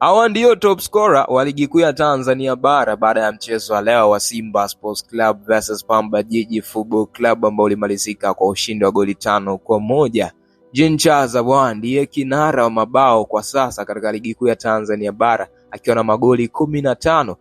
Hawa ndio top scorer wa Ligi Kuu ya Tanzania Bara baada ya mchezo wa leo wa Simba Sports Club versus Pamba Jiji Football Club ambao ulimalizika kwa ushindi wa goli tano kwa moja. Jean Charles Ahoua ndiye kinara wa mabao kwa sasa katika Ligi Kuu ya Tanzania Bara akiwa na magoli kumi na tano.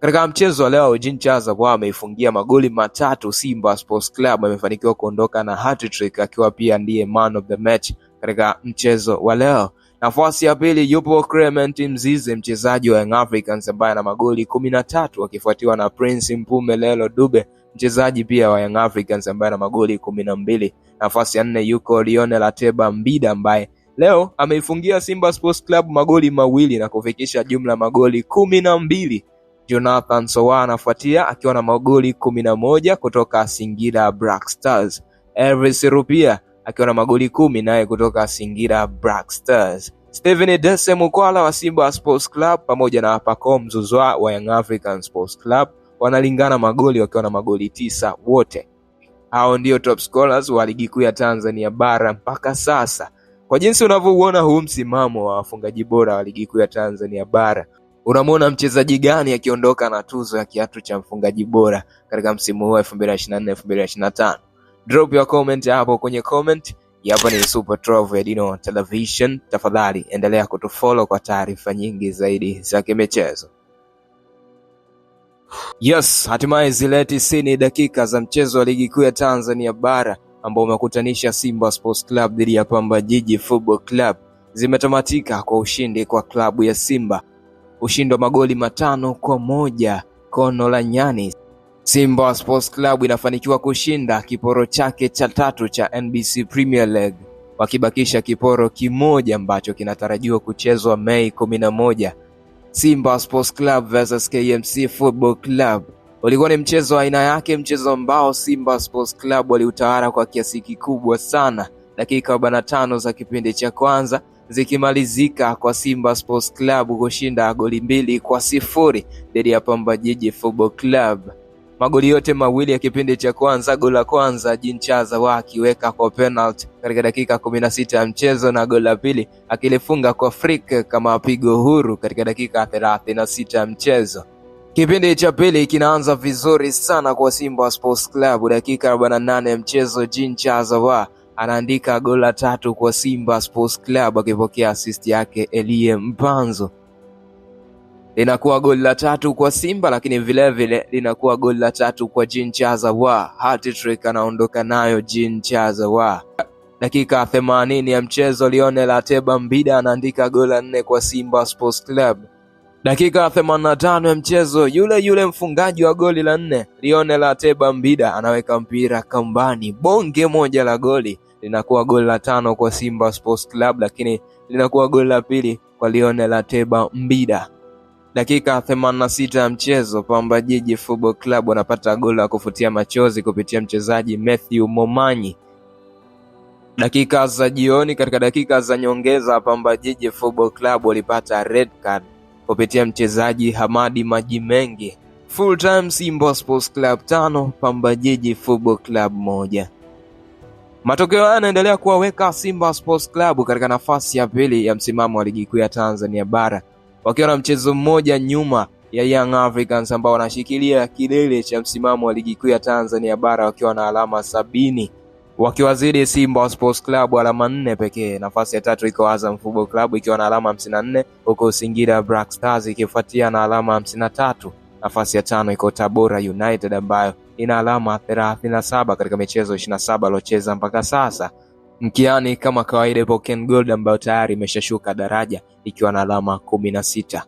Katika mchezo wa leo Jean Charles Ahoua ameifungia magoli matatu Simba Sports Club, amefanikiwa kuondoka na hat-trick akiwa pia ndiye man of the match katika mchezo wa leo. Nafasi ya pili yupo Clement Mzize mchezaji wa Young Africans ambaye ana magoli kumi na tatu akifuatiwa na Prince lelo Dube mchezaji pia wa Young Africans ambaye ana magoli kumi na mbili. Nafasi ya nne yuko Lionel Ateba Mbida ambaye leo ameifungia Simba Sports Club magoli mawili na kufikisha jumla magoli kumi na mbili. Jonathan Sowa anafuatia akiwa na magoli kumi na moja kutoka Singida Black Stars. Elvis Rupia akiwa na magoli kumi naye kutoka Singida Black Stars. Steven Dese Mukwala wa Simba Sports Club pamoja na wapaco Mzuzwa wa Young African Sports Club wanalingana magoli wakiwa na magoli tisa wote. Hao ndio top scorers wa ligi kuu ya Tanzania bara mpaka sasa. Kwa jinsi unavyouona huu msimamo wa wafungaji bora wa ligi kuu ya Tanzania bara, unamwona mchezaji gani akiondoka na tuzo ya kiatu cha mfungaji bora katika msimu huu 2024 2025? drop your comment hapo kwenye comment. Hapa ni Super Trove ya Dino Television, tafadhali endelea kutufollow kwa taarifa nyingi zaidi za kimichezo. Yes, hatimaye zile tisini dakika za mchezo wa ligi kuu ya Tanzania bara ambao umekutanisha Simba Sports Club dhidi ya Pamba Jiji Football Club zimetamatika kwa ushindi kwa klabu ya Simba, ushindi wa magoli matano kwa moja kono la nyani. Simba Sports Club inafanikiwa kushinda kiporo chake cha tatu cha NBC Premier League wakibakisha kiporo kimoja ambacho kinatarajiwa kuchezwa Mei 11. Simba Sports Club versus KMC Football Club ulikuwa ni mchezo wa aina yake, mchezo ambao Simba Sports Club waliutawala kwa kiasi kikubwa sana, dakika 45 za kipindi cha kwanza zikimalizika kwa Simba Sports Club kushinda goli mbili kwa sifuri dhidi ya Pamba Jiji Football Club magoli yote mawili ya kipindi cha kwanza. Goli la kwanza Jinchaza wa akiweka kwa penalt katika dakika kumi na sita ya mchezo na goli la pili akilifunga kwa frik kama pigo huru katika dakika thelathi na sita ya mchezo. Kipindi cha pili kinaanza vizuri sana kwa Simba Sports Club. Dakika arobaini nane ya mchezo Jinchaza wa anaandika goli la tatu kwa Simba Sports Club akipokea asisti yake Elie Mpanzo linakuwa goli la tatu kwa Simba, lakini vilevile linakuwa goli la tatu kwa Jean Chazawa. Hat-trick anaondoka nayo Jean Chazawa. Dakika 80 ya mchezo, Lionel Ateba Mbida anaandika goli la nne kwa Simba Sports Club. Dakika 85 ya mchezo, yule yule mfungaji wa goli la nne Lionel Ateba Mbida anaweka mpira kambani, bonge moja la goli, linakuwa goli la tano kwa Simba Sports Club, lakini linakuwa goli la pili kwa Lionel Ateba Mbida. Dakika 86 ya mchezo Pamba Jiji Football Club wanapata goli la kufutia machozi kupitia mchezaji Mathew Momanyi. Dakika za jioni, katika dakika za nyongeza, Pamba Jiji Football Club walipata red card kupitia mchezaji Hamadi Maji Mengi. Full time Simba Sports Club tano Pamba Jiji Football Club moja. Matokeo haya yanaendelea kuwaweka Simba Sports Club katika nafasi ya pili ya msimamo wa ligi kuu ya Tanzania bara wakiwa na mchezo mmoja nyuma ya Young Africans ambao wanashikilia kilele cha msimamo wa ligi kuu ya Tanzania bara wakiwa na alama sabini wakiwazidi Simba Sports Club alama nne pekee. Nafasi ya tatu iko Azam Football Club ikiwa na alama 54 huko Singida Black Stars ikifuatia na alama 53 tatu. Nafasi ya tano iko Tabora United ambayo ina alama 37 katika michezo 27 aliocheza mpaka sasa. Mkiani kama kawaida ipo Ken Gold ambayo tayari imeshashuka daraja ikiwa na alama kumi na sita.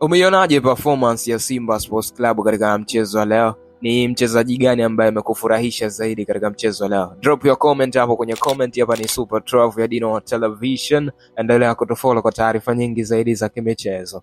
Umeionaje performance ya Simba Sports Club katika mchezo wa leo? Ni mchezaji gani ambaye amekufurahisha zaidi katika mchezo wa leo? Drop your comment hapo kwenye comment. Hapa ni Super 12 ya Dino Television, endelea kutufollow kwa taarifa nyingi zaidi za kimichezo.